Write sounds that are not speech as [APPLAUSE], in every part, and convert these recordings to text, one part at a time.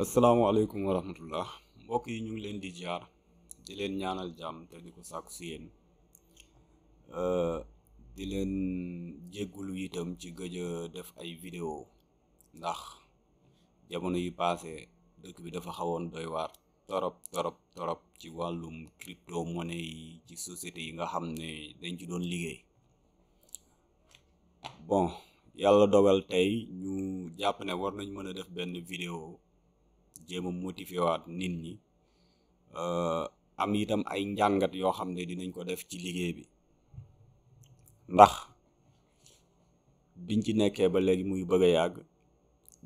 asalaamaaleykum wa rahmatullah mbokk yi ñu ngi leen di jaar di leen ñaanal jàmm te di ko sàkku si yéen euh, di leen jéggulu itam ci gëj a def ay vidéo ndax jamono yi paase dëkk bi dafa xawoon doy waar torop torop torop ci wàllum crypto monnaie yi ci société yi nga xam ne dañ ci doon liggéey bon yàlla dogal tey ñu jàpp ne war nañ mën a def benn vidéo jéem a motiver nit ñi euh, am itam ay njàngat yoo xam ne dinañ ko def ci liggéey bi ndax biñ ci nekkee ba léegi muy bëgg a yàgg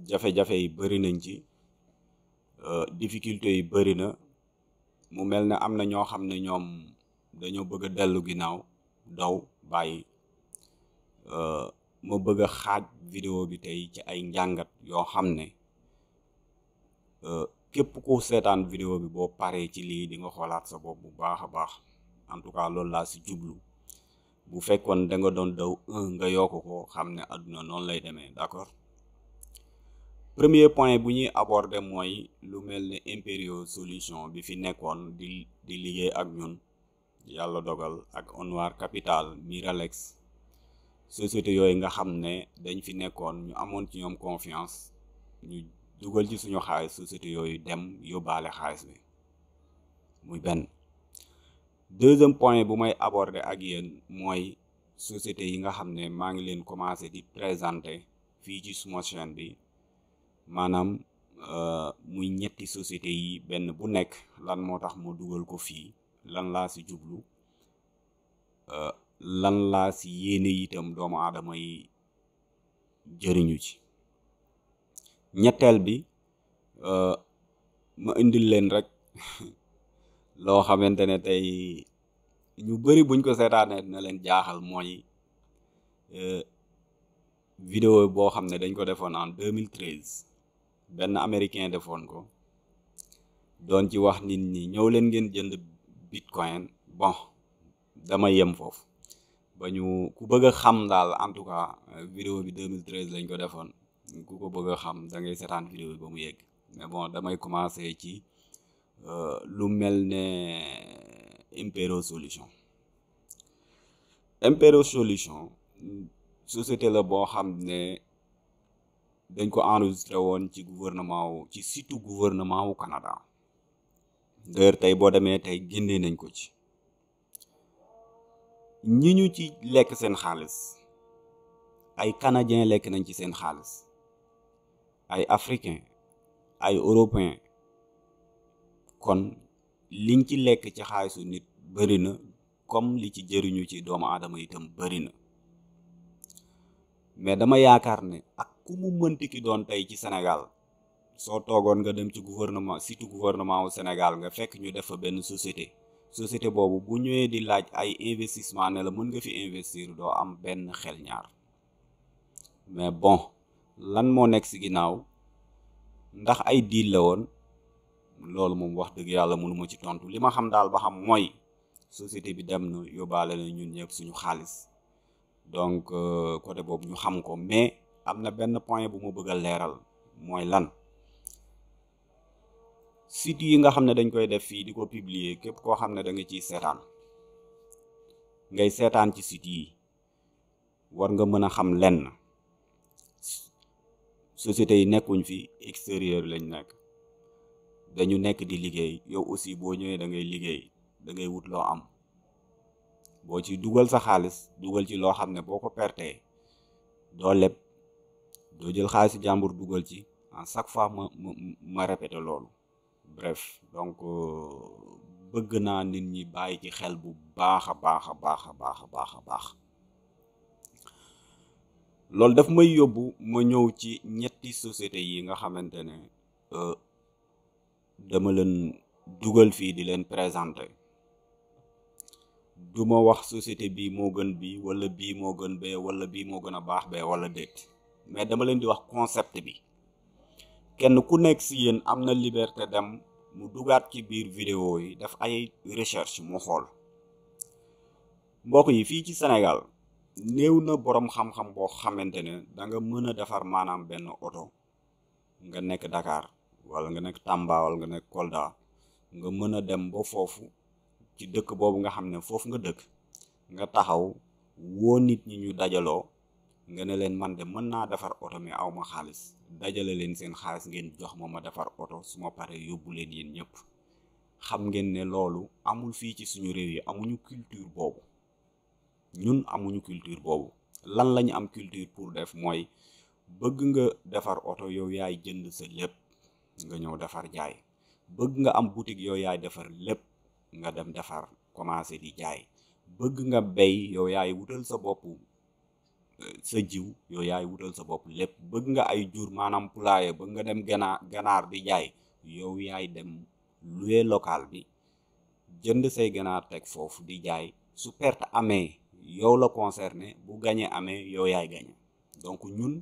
jafe-jafe yi bëri nañ ci euh, difficulté yi bëri na mu mel ne am na ñoo xam ne ñoom dañoo bëgg dellu ginnaaw daw bàyyi euh, ma bëgg a xaaj vidéo bi tey ci ay njàngat yoo xam ne Euh, képp ku seetaan vidéo bi boo paree ci lii di nga xoolaat sa bopp bu baax a baax en tout cas loolu laa si jublu bu fekkoon da nga doon daw nga yokk ko xam ne àdduna noonu lay demee d'accord premier point bu ñuy aborder mooy lu mel ni Imperial Solution bi fi nekkoon di di liggéey ak ñun yàlla dogal ak Onwar Capital relex société yooyu nga xam ne dañ fi nekkoon ñu amoon ci ñoom confiance ñu dugal ci suñu xaalis société yooyu dem yóbbaale xaalis bi muy benn deuxième point bu may aborder ak yéen mooy société yi nga xam ne maa ngi leen commencé di présenté fii ci suma chaine bi maanaam euh, muy ñetti société yi benn bu nekk lan moo tax ma dugal ko fii lan laa si jublu euh, lan laa si yéene itam doomu aadama yi jëriñu ci ñetteel bi euh, ma indil leen rek [LAUGHS] loo xamante ne tey ñu bëri buñ ko seetaanee dina leen jaaxal mooy euh, video boo xam ne dañ ko defoon en 2013 benn américain defoon ko doon ci wax nit ñi ñëw leen ngeen jënd bitcoin bon dama yem foofu ba ñu ku bëgg a xam daal en tout cas euh, vidéo bi 2013 lañ ko defoon ku ko bëgg a xam da ngay seetaan vidéo ba mu yegg mais bon damay commencer ci euh, lu mel ne Impero Solution Impero Solution société la boo xam ne dañ ko enregistré woon ci gouvernement wu ci surtout gouvernement wu Canada d'ailleurs tey boo demee tey génnee nañ ko ci ñi ñu ci lekk seen xaalis ay canadiens lekk nañ ci seen xaalis ay africain ay européen kon liñ ci lekk ci xaalisu nit bari na comme li ci jëriñu ci doomu aadama itam bari na mais dama yaakaar ne ak ku mu mënti ki doon tey ci Sénégal soo toogoon nga dem ci gouvernement surtout gouvernement wu Sénégal nga fekk ñu def fa benn société société boobu bu ñëwee di laaj ay investissement ne la mën nga fi investir doo am benn xel ñaar mais bon lan moo nekk si ginnaaw ndax ay diil la woon loolu moom wax dëgg yàlla mënuma ci tontu li ma xam daal ba xam mooy société bi dem na yóbbaale na ñun ñëpp suñu xaalis donc euh, côté boobu ñu xam ko mais am na benn point bu ma bëgg a leeral mooy lan site yi nga xam ne dañ koy def fii di ko publier képp koo xam ne da nga ciy seetaan ngay seetaan ci site yi war nga mën a xam lenn. société yi nekkuñ fi extérieur lañ nekk dañu nekk di liggéey yow aussi boo ñëwee da ngay liggéey da ngay wut loo am boo ci dugal sa xaalis dugal ci loo xam ne boo ko pertee doo leb doo jël xaalisu jàmbur dugal ci en chaque fois ma ma ma répété loolu bref donc euh, bëgg naa nit ñi bàyyi ci xel bu baax a baax a baax a baax baax a baax loolu daf may yóbbu ma ñëw ci ñetti société yi nga xamante ne euh, dama leen dugal fii di leen présenter du ma wax société bii moo gën bii wala bii moo gën bee wala bii moo gën a baax bee wala déet mais dama leen di wax concept bi kenn ku nekk si yéen am na liberté dem mu dugaat ci biir vidéo yi daf ay recherche mu xool mbokk yi fii ci Sénégal néew na boroom xam-xam boo xamante ne danga mën a defar maanaam benn oto nga nekk dakaar walla nga nekk Tamba wala nga nekk Kolda nga mën a dem ba foofu ci dëkk boobu nga xam ne foofu nga dëkk nga taxaw woo nit ñi ñu dajaloo nga ne leen man de mën naa defar oto mais aw ma xaalis dajale leen seen xaalis ngeen jox ma ma defar oto su ma paree yóbbu leen yéen ñëpp xam ngeen ne loolu amul fii ci suñu réew yi amuñu culture boobu ñun amuñu culture boobu lan lañu am culture pour def mooy bëgg nga defar oto yow yaay jënd sa lépp nga ñëw defar jaay bëgg nga am boutique yow yaay defar lépp nga dem defar commencé di jaay bëgg nga bey yow yaay wutal sa bopp euh, sa jiw yow yaay wutal sa bopp lépp bëgg nga ay jur maanaam poulailler bëgg nga dem ganaar ganaar di jaay yow yaay dem louer local bi jënd say ganaar teg foofu di jaay su perte amee yow la concerné bu gañe amee yow yaay gañe donc ñun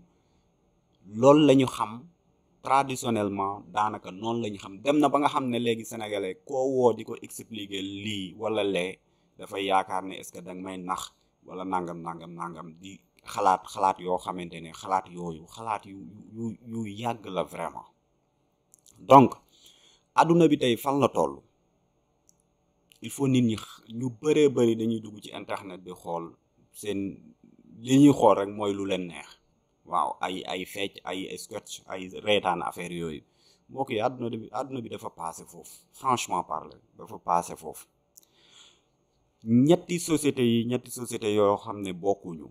loolu la ñu xam traditionnellement daanaka noonu la xam dem na ba nga xam ne léegi sénégalais koo woo di ko expliquer lii wala lee dafay yaakaar ne est-ce que danga may nax wala nangam nangam nangam di xalaat xalaat yoo xamante ne xalaat yooyu xalaat yu yu yu yàgg la vraiment donc àdduna bi tey fan la toll il faut nit ñi ñu bëree bëri dañuy dugg ci internet bi xool seen li ñuy xool rek mooy lu leen neex waaw ay ay fecc ay sketch ay reetaan affaire yooyu mbokk yi àdduna bi àdduna bi dafa passé foofu franchement parle dafa passé foofu ñetti société yi ñetti société yoo xam ne bokkuñu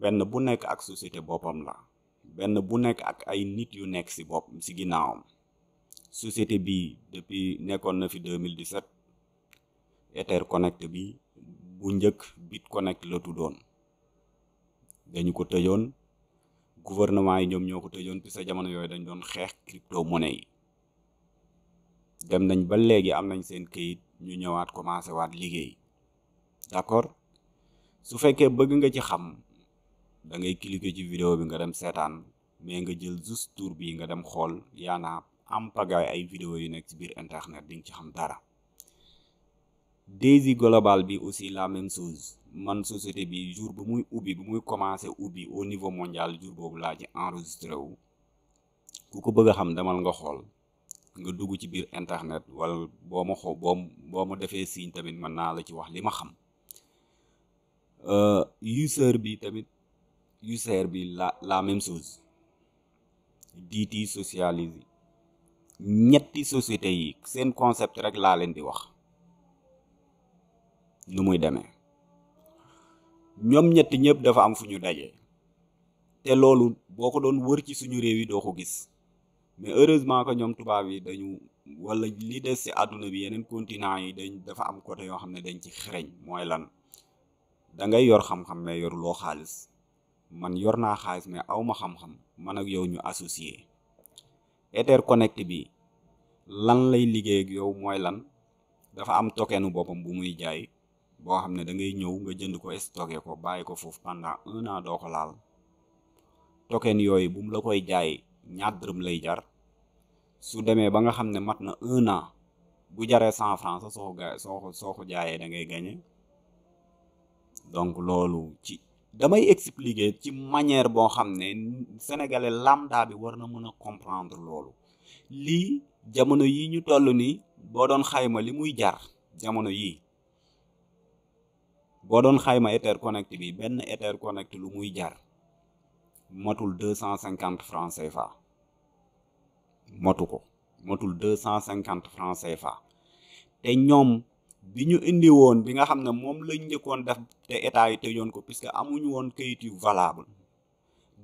benn bu nekk ak société boppam la benn bu nekk ak ay nit yu nekk si bopp si ginnaawam société bii depuis nekkoon na fi 2017 Etherconnect bi bu njëkk BitConnect la tuddoon dañu ko tëjoon gouvernement yi ñoom ñoo ko tëjoon puis sa jamono yooyu dañ doon xeex crypto monnaie yi dem nañ ba léegi am nañ seen këyit ñu ñëwaat commencé waat liggéey d'accord su fekkee bëgg nga ci xam dangay ngay cliquer ci video bi nga dem seetaan mais nga jël juste tour bi nga dem xool yaa am pagaay ay vidéo yu nekk ci biir internet di nga ci xam dara Daisy Global bi aussi la même chose man société bi jour bu muy ubbi bu muy commencé ubbi au niveau mondial jour boobu laa ci enregistré ku ko bëgg xam demal nga xool nga dugg ci biir internet wala boo ma xo boo boo ma defee signe tamit mën naa la ci wax li ma xam euh, user bi tamit user bi la la même chose DT Socialisé ñetti société yi seen concept rek laa leen di wax nu muy demee ñoom ñett ñëpp dafa am fu ñu daje te loolu boo ko doon wër ci suñu réew yi doo ko gis mais heureusement que ñoom tubaab yi dañu wala li des ci àdduna bi yeneen continent yi dañ dafa am côté yoo xam ne dañ ci xereñ mooy lan da ngay yor xam-xam mais yoruloo xaalis man yor naa xaalis mais awma xam-xam man ak yow ñu associé Etherconnect bi lan lay liggéeyak yow mooy lan dafa am tokenu boppam bu muy jaay boo xam ne da ngay ñëw nga jënd ko stocké ko bàyyi ko foofu pendant un an doo ko laal token yooyu bu mu la koy jaay ñaar dërëm lay jar su demee ba nga xam ne mat na un an bu jaree cent franc sax soo ga soo ko jaayee dangay ngay donc loolu ci damay expliquer ci manière boo xam ne sénégalais lambda bi war na mën a comprendre loolu lii jamono yi ñu toll nii boo doon xayma li muy jar jamono yii boo doon xayma Etherconnect bi benn Etherconnect lu muy jar matul deux cent cinquante franc CFA motu ko matul deux cent cinquante franc CFA te ñoom bi ñu indi woon bi nga xam ne moom lañ njëkkoon def te état yi tëjoon ko puisque amuñu woon kayit yu valable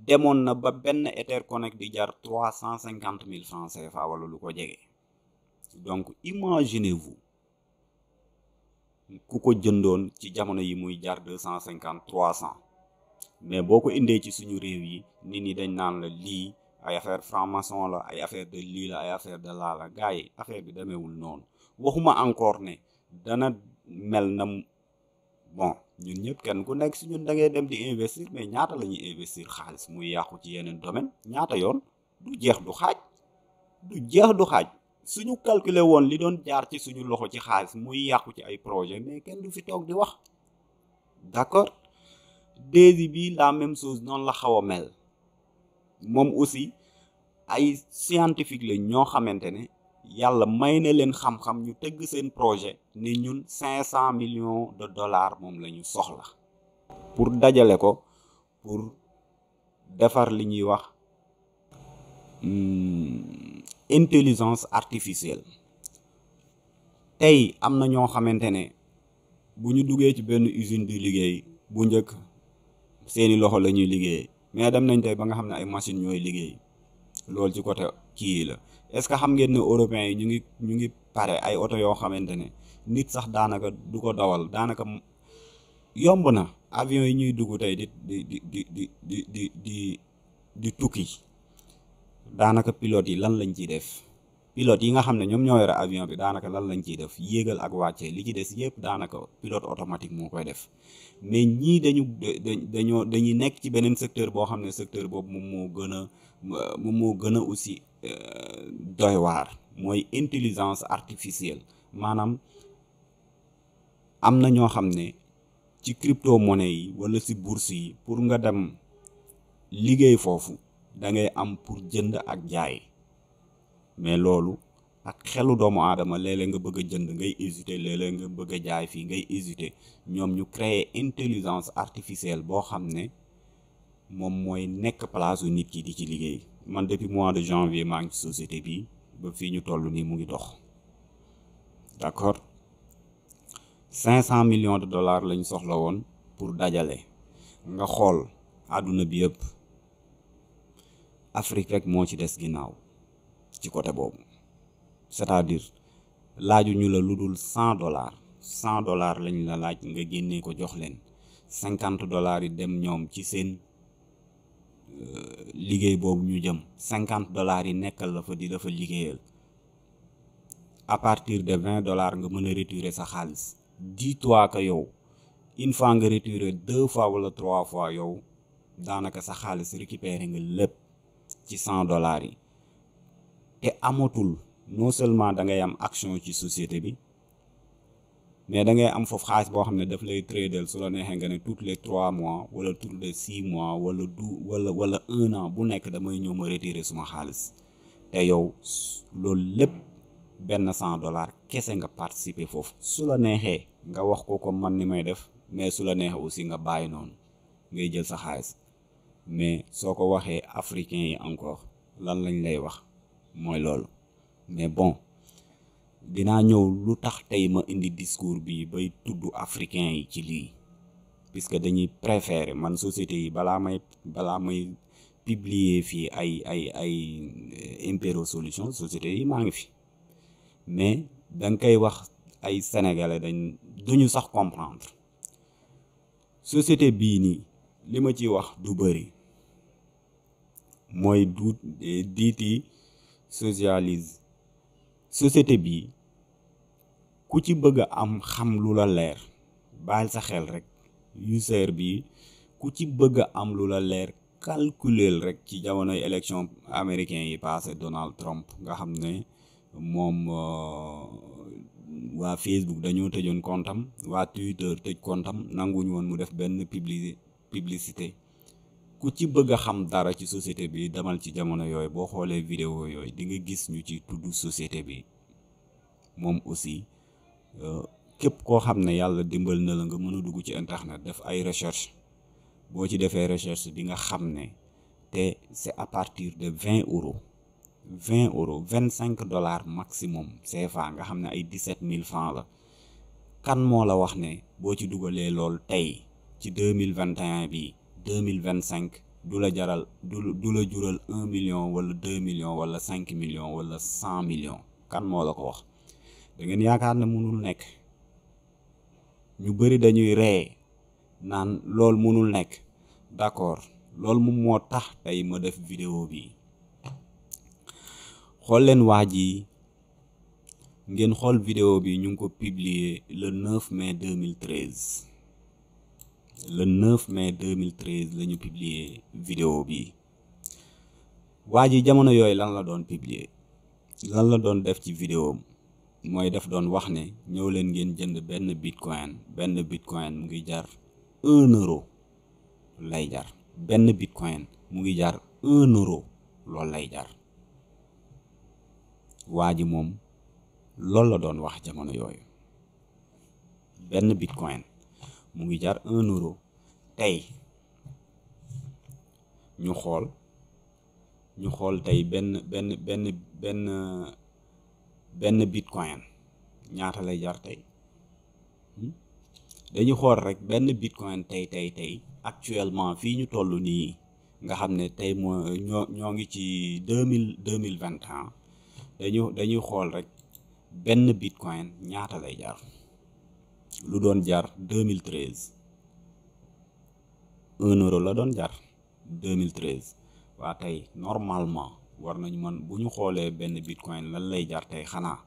demoon na ba benn Etherconnect di jar trois cent cinquante mille franc CFA wala lu ko jege donc imaginez-vous ku ko jëndoon ci jamono yi muy jar deux cent cinquante trois cent mais boo ko indee ci suñu réew yi nit ñi dañ naan la lii ay affaire franc la ay affaire de lii la ay affaire de laa la gars yi affaire bi demeewul noonu waxuma encore ne dana mel na bon ñu ñëpp kenn ku nekk si ñun da dem di investir mais ñaata la ñuy investir xaalis muy yàqu ci yeneen domaine ñaata yoon du jeex du xaaj du jeex du xaaj suñu calculer woon li doon jaar ci suñu loxo ci xaalis muy yàqu ci ay projet mais kenn du fi toog di wax d'accord dési bi la même chose noonu la xaw a mel moom aussi ay scientifique lañ ñoo xamante ne yàlla may na leen xam-xam ñu tëgg seen projet ne ñun cinq cent millions de dollars moom la ñu soxla pour dajale ko pour defar li ñuy wax. Hmm, intelligence artificielle tey am na ñoo xamante ne bu ñu duggee ci benn usine du liggéey bu njëkk seeni loxo la ñuy liggéey mais dem nañ tey ba nga xam ne ay machine ñooy liggéey loolu ci côté kii la est-ce que xam ngeen ne européens yi ñu ngi ñu ngi pare ay oto yoo xamante ne nit sax daanaka du ko dawal daanaka yomb na avion yi ñuy dugg tey di di di di di di di di tukki daanaka pilote yi lan lañ ciy def pilote yi nga xam ne ñoom ñoo yore avion bi daanaka lan lañ ciy def yéegal ak wàccee li ci des yëpp daanaka pilote automatique moo koy def mais ñii dañu dañoo dañuy nekk ci beneen secteur boo xam ne secteur boobu moom moo gën a moom moo gën a aussi euh, doy waar mooy intelligence artificielle maanaam am na ñoo xam ne ci crypto monnaie yi wala si bourse yi pour nga dem liggéey foofu dangay am pour jënd ak jaay mais loolu ak xelu doomu aadama léeg nga bëgg jënd ngay hésiter léeg nga bëgg jaay fii ngay hésiter ñoom ñu créer intelligence artificielle boo xam ne moom mooy nekk place nit ki di ci liggéey man depuis mois de janvier maa ngi ci société bi ba fii ñu toll nii mu ngi dox d'accord cinq cent million de dollars lañ soxla woon pour dajale nga xool àdduna bi yëpp Afrique rek moo ci des ginnaaw ci côté boobu c'est-à-dire laaju ñu la lu dul cent dollars cent dollars la laaj nga génnee ko jox leen cinquante dollars yi dem ñoom ci seen euh, liggéey boobu ñu jëm cinquante dollars yi nekkal la fa di dafa liggéeyal à partir de vingt dollars nga mën a retirer sa xaalis dis-toi que yow une fois nga retirer deux fois wala trois fois yow daanaka sa xaalis récupérer nga lépp ci cent dollars yi te amatul non seulement da ngay am action ci société bi mais dangay am foofu xaalis boo xam ne daf lay tradel su la neexee nga ne tout les trois mois wala tous le six mois wala du wala wala un an bu nekk damay ñëw ma retirer suma xaalis te yow loolu lépp benn cent dollar kese nga participer foofu su la neexee nga wax ko comme man ni may def mais su la neexee aussi nga bàyyi noonu ngay jël sa xaalis mais soo ko waxee africain yi encore lan lañ lay wax mooy loolu mais bon dinaa ñëw lu tax tey ma indi discours bi bay tudd africain yi ci lii puisque dañuy préférer man société yi balaa may balaa may publier fii ay ay ay euh, impéro solution société yi maa ngi fi mais danga koy wax ay sénégalais dañ duñu sax comprendre société bii nii li ma ci wax du bëri mooy du diiti socialise société bi ku ci bëgg a am xam lu la leer baal sa xel rek user bi ku ci bëgg a am lu la leer calculeel rek ci jamonoy élection américain yi passé Donald Trump nga xam ne moom euh, waa Facebook dañoo tëjoon kontam waa Twitter tëj kontam nanguñu woon mu def benn publicité publicité ku ci bëgg xam dara ci société bi demal ci jamono yooyu boo xoolee vidéo yooyu di nga gis ñu ci tudd société bi moom aussi euh, képp koo xam ne yàlla dimbal na la nga mën a dugg ci internet def ay recherche boo ci defee recherche di nga xam ne te c'est à partir de vingt euros vingt euros vingt cinq dollars maximum CFA nga xam ne ay dix sept mille francs la kan moo la wax ne boo ci dugalee lool tey ci deux mille vingt et un bii deux mille vingt cinq du la jaral du du la jural un million wala deux million wala cinq million wala cent millions kan moo la ko wax dangeen yaakaar ne mënul nekk ñu bëri dañuy ree naan loolu mënul nekk d'accord loolu moom moo tax tey ma def vidéo bi xool leen waa ji ngeen xool vidéo bi ñu ngi ko publier le 9 mai 2013 le 9 mai 2013 la ñu publier vidéo bi waa ji jamono yooyu lan la doon publier lan la doon def ci vidéo am mooy def doon wax ne ñëw leen ngeen jënd benn bitcoin benn bitcoin mu ngi jar un lay jar benn bitcoin mu ngi jar un euro loolu lay jar waa ji moom loolu la doon wax jamono yooyu benn bitcoin mu ngi jar un euro tey ñu xool ñu xool tey benn benn benn benn benn bitcoin ñaata lay jar tey hmm? dañu xool rek benn bitcoin tey tey tey actuellement fii ñu toll nii nga xam ne tey moo ñoo ñoo ngi ci deux mille deux mille vingt et un dañuy xool rek benn bitcoin ñaata lay jar. lu doon jar 2013 1 euro la doon jar 2013 waa tey normalement war nañu mën bu ñu xoolee benn bitcoin lan lay jar tey xanaa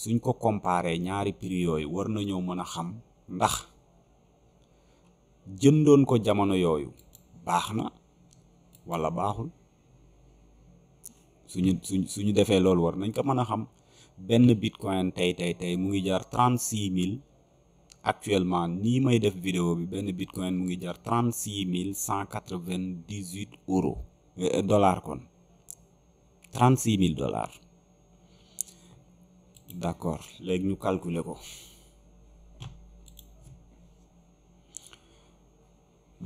suñ ko comparé ñaari prix yooyu war nañoo mën a xam ndax jëndoon ko jamono yooyu baax na walla baaxul suñu suñ suñu defee loolu war nañ ko mën a xam benn bitcoin tey tey tey mu ngi jar trente six mille actuellement nii may def vidéo bi benn bitcoin mu ngi jar trent six mille cent quatre vingt dix huit euros euh, dollar kon trente six mille dollars d'accord léegi ñu calculer ko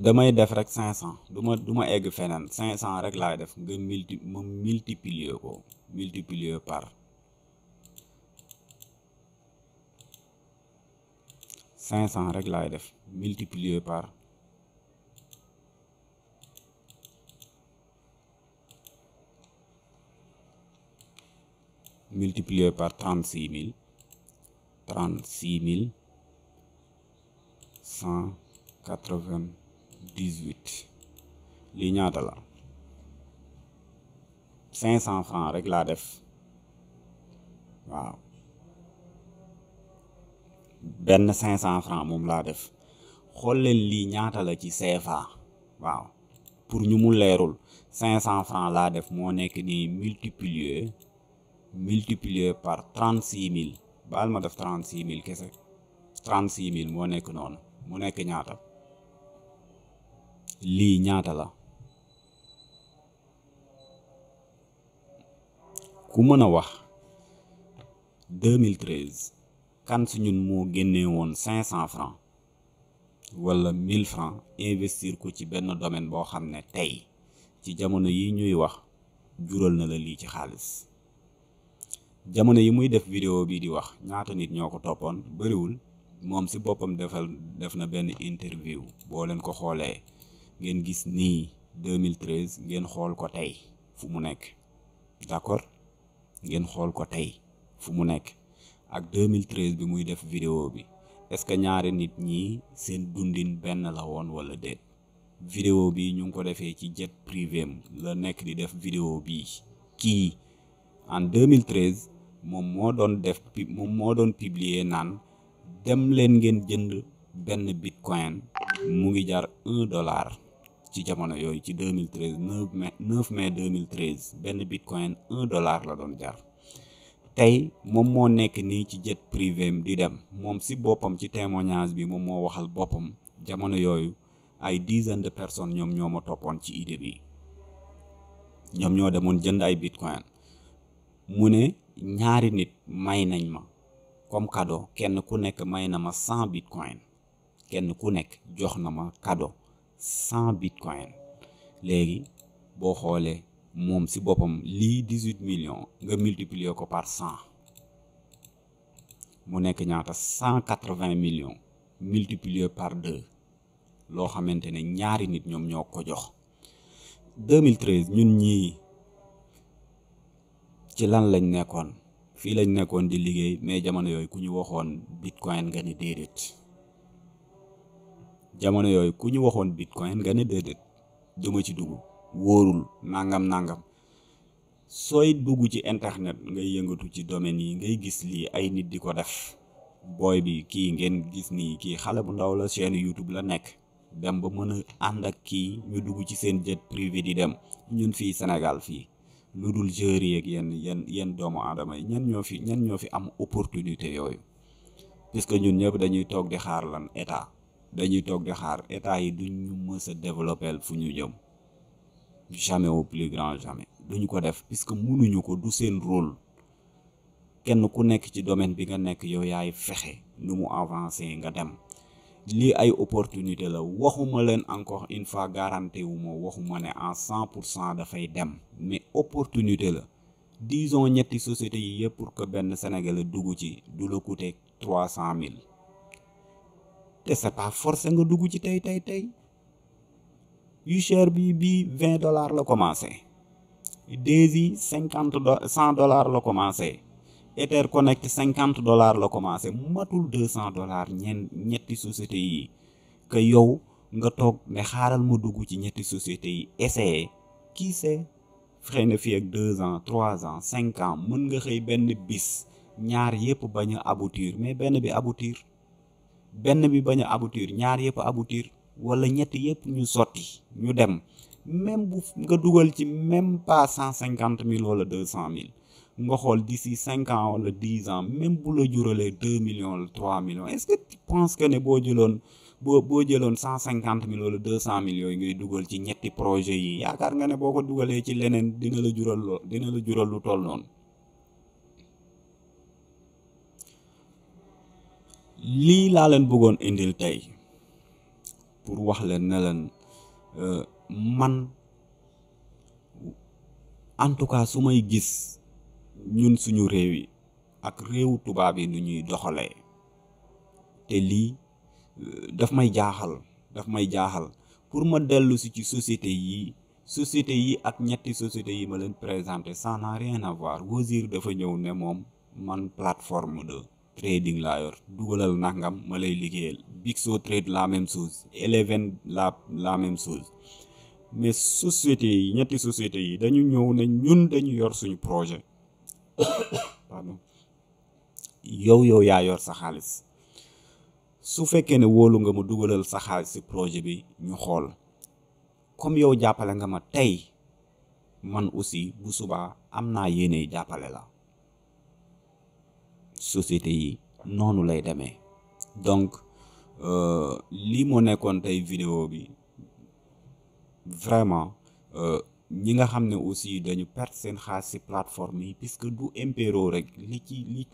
damay def rek cinq cent du ma du ma egg feneen cinq cent rek laay def nga multi ma multiplier ko multiplier par cinq cent rek laay def multiplier par multiplier par trente six mille trente mille cent quatre vingt dix huit lii ñaata la cinq cent francs rek laa def waaw benn cinq cent franc moom laa def xool leen lii ñaata la ci CFA waaw pour ñu mu leerul cinq cent franc laa def moo nekk nii multiplier multiplier par trente six mille baal ma def trente six mille kese trente six mille moo nekk noonu mu nekk ñaata lii ñaata la ku mën a wax 2013 kan si moo génnee woon cinq cent francs wala mille francs investir ko ci benn domaine boo xam ne tey ci jamono yi ñuy wax jural na la lii ci xaalis jamono yi muy def vidéo bii di wax ñaata nit ñoo ko toppoon bariwul moom si boppam defal def na benn interview boo leen ko xoolee ngeen gis nii 2013 ngeen xool ko tey fu mu nekk d'accord ngeen xool ko tey fu mu nekk ak 2013 bi muy def vidéo bi est-ce que ñaari nit ñi seen dundin benn la woon wala de vidéo bi ñu ngi ko defee ci jet privé am la nekk di def vidéo bi kii en 2013 moom moo doon def moom moo doon publier naan dem leen ngeen jënd benn bitcoin mu ngi jar un dollar ci jamono yooyu ci 2013 9 mai 9 mai 2013 benn bitcoin un dollar la doon jar tey moom moo nekk nii ci jet privé di dem moom si boppam ci témoignage bi moom moo waxal boppam jamono yooyu ay dizaine de personnes ñoom ñoo ma toppoon ci idée bi ñoom ñoo demoon jënd ay bitcoin mu ne ñaari nit may nañ ma comme cadeau kenn ku nekk may na ma cent bitcoin kenn ku nekk jox na ma cadeau cent bitcoin léegi boo xoolee moom si boppam lii dix-huit millions nga multiplier ko par cent mu nekk ñaata cent quatre-vingts millions multiplier par deux loo xamante ne ñaari nit ñoom ñoo ko jox 2013 ñun ñii ci lan lañ nekkoon fii lañ nekkoon di liggéey mais jamono yooyu ku ñu waxoon bitcoin nga ni déedéet jamono yooyu ku ñu waxoon bitcoin nga ni déedéet duma ci dugub wóorul nangam nangam sooy dugg ci internet ngay yëngatu ci domaine yi ngay gis lii ay nit di ko def booy bi kii ngeen gis nii kii xale bu ndaw la seen YouTube la nekk dem ba mën a ànd ak kii ñu dugg ci seen jet privé di dem ñun fii Sénégal fii lu dul joueurs yeeg yenn yenn yenn doomu aadama yi ñan ñoo fi ñan ñoo fi am opportunité yooyu puisque ñun ñëpp dañuy toog di xaar lan état dañuy togg di xaar état yi duñ ñu mës a développer fu ñu jëm. jamais au plus grand jamais duñu ko def puisque mënuñu ko du seen rôle kenn ku nekk ci domaine bi nga nekk yow yaay fexe nu mu avancé nga dem li ay opportunité la waxuma leen encore une fois garanti wu ma waxuma ne en cent pour cent dafay dem mais opportunité la disons ñetti sociétés yi yëpp pour que benn Sénégalais dugg ci dula la coûter trois cent mille te c'est pas forcé nga dugg ci tey tey tey yu cher bi bii vingt dollars la commencé Daisy cinquante cent dollars la commencé Ether Connect cinquante dollars la commencé matul deux cent dollars ñeen ñetti sociétés yi que yow nga toog ne xaaral ma dugg ci ñetti sociétés yi essayer qui sait xëy na fii ak deux ans trois ans cinq ans mën nga xëy benn bis ñaar yëpp bañ a aboutir mais benn bi aboutir benn bi bañ a aboutir ñaar yëpp aboutir wala ñetti yëpp ñu sotti ñu dem même bu nga dugal ci même pas cent cinquante mille wala deux cent mille nga xool d'ici cinq ans wala dix ans même bu la juralee deux millions wala trois millions est-ce que tu que ne boo jëloon boo boo jëloon cent cinquante mille wala deux cent mille yooyu ngay dugal ci ñetti projet yi yaakaar nga ne boo ko dugalee ci leneen dina la jural dina la jural lu toll noonu lii laa leen bëggoon indil tey pour wax leen ne leen euh, man en tout cas su may gis ñun suñu réew yi ak réewu tubaab yi nu ñuy doxalee te lii euh, daf may jaaxal daf may jaaxal pour ma dellu si ci société yi société yi ak ñetti société yi ma leen présenté ça n'a rien à dafa ñëw ne moom man plateforme de trading laa yor dugalal nangam ma lay liggéeyal soo trade la même chose Eleven la la même chose mais sociétés yi ñetti société yi dañu ñëw ne ñun dañu yor suñu projet [COUGHS] yow yow yaa yor sa xaalis su fekkee ne wóolu nga ma dugalal sa xaalis si projet bi ñu xool comme yow jàppale nga ma tey man aussi bu subaa am naa yéene jàppale la. société yi noonu lay demee donc euh, lii moo nekkoon tey vidéo bi vraiment euh, ñi nga xam ne aussi dañu perte seen xaalis ci plateforme yi puisque du impéro rek li ci li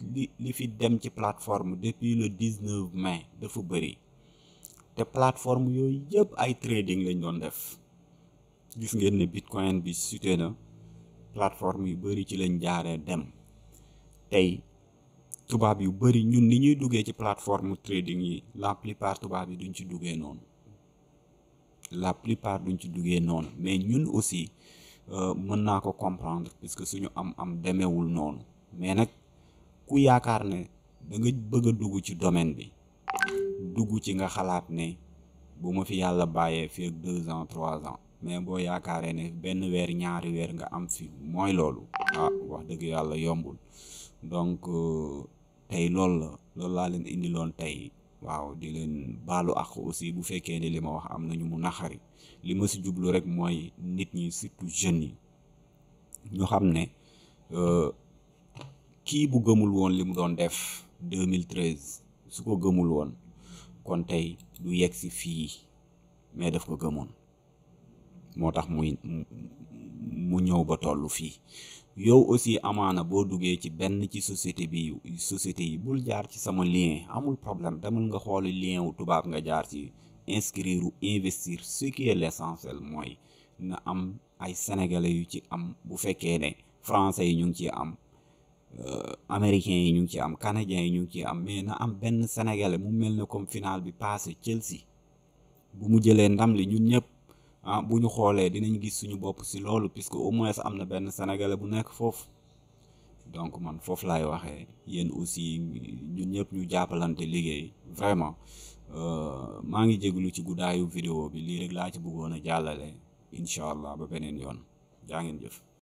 li fi dem ci plateforme depuis le 19 mai dafa bëri te plateforme yooyu yëpp ay trading lañ doon def gis ngeen ne bitcoin bi sute na plateforme yu bëri ci lañ jaaree dem tey tubaab yu bëri ñun ni ñuy duggee ci plateforme trading yi la plupart tubaab yi duñ ci duggee noonu la plupart duñ ci duggee noonu mais ñun aussi euh, mën naa ko comprendre puisque suñu am-am demeewul noonu mais nag ku yaakaar ne danga nga bëgg a dugg ci domaine bi dugg ci nga xalaat ne bu ma fi yàlla bàyyee fi ak deux ans trois ans mais boo yaakaaree ne benn weer ñaari weer nga am fi mooy loolu ah wax dëgg yàlla yombul donc. Euh, tey lool la loolu laa leen indiloon tey waaw di leen baalu ak aussi bu fekkee ne li ma wax am na nañu mu naxari li ma si jublu rek mooy nit ñi surtout jeunes yi ñu xam ne euh, kii bu gëmul woon li mu doon def 2013 su ko gëmul woon kon tey du yegg si fii mais def ko gëmoon moo tax muy ñëw ba tollu fii yow aussi amaana boo duggee ci benn ci société bi société yi bul jaar ci sama lien amul problème demal nga xooli lien wu tubaab nga jaar ci inscrire investir ce qui est l'essentiel mooy na am ay sénégalais yu ci am bu fekkee ne français yi ñu ngi ci am euh, américains yi ñu ngi ci am canadiens yi ñu ngi ci am mais na am benn sénégalais mu mel ne comme final bi passé Chelsea bu mu jëlee ndam li ñun ñëpp ah bu ñu xoolee dinañ gis suñu bopp si loolu puisque au moins am na benn sénégalais bu nekk foofu donc man foofu laay waxee yéen aussi ñun ñëpp ñu jàppalante liggéey vraiment euh, maa ngi jéglu ci guddaayu vidéo bi lii rek laa ci bëggoon a jàllale incha allah ba beneen yoon jaa ngeen jëf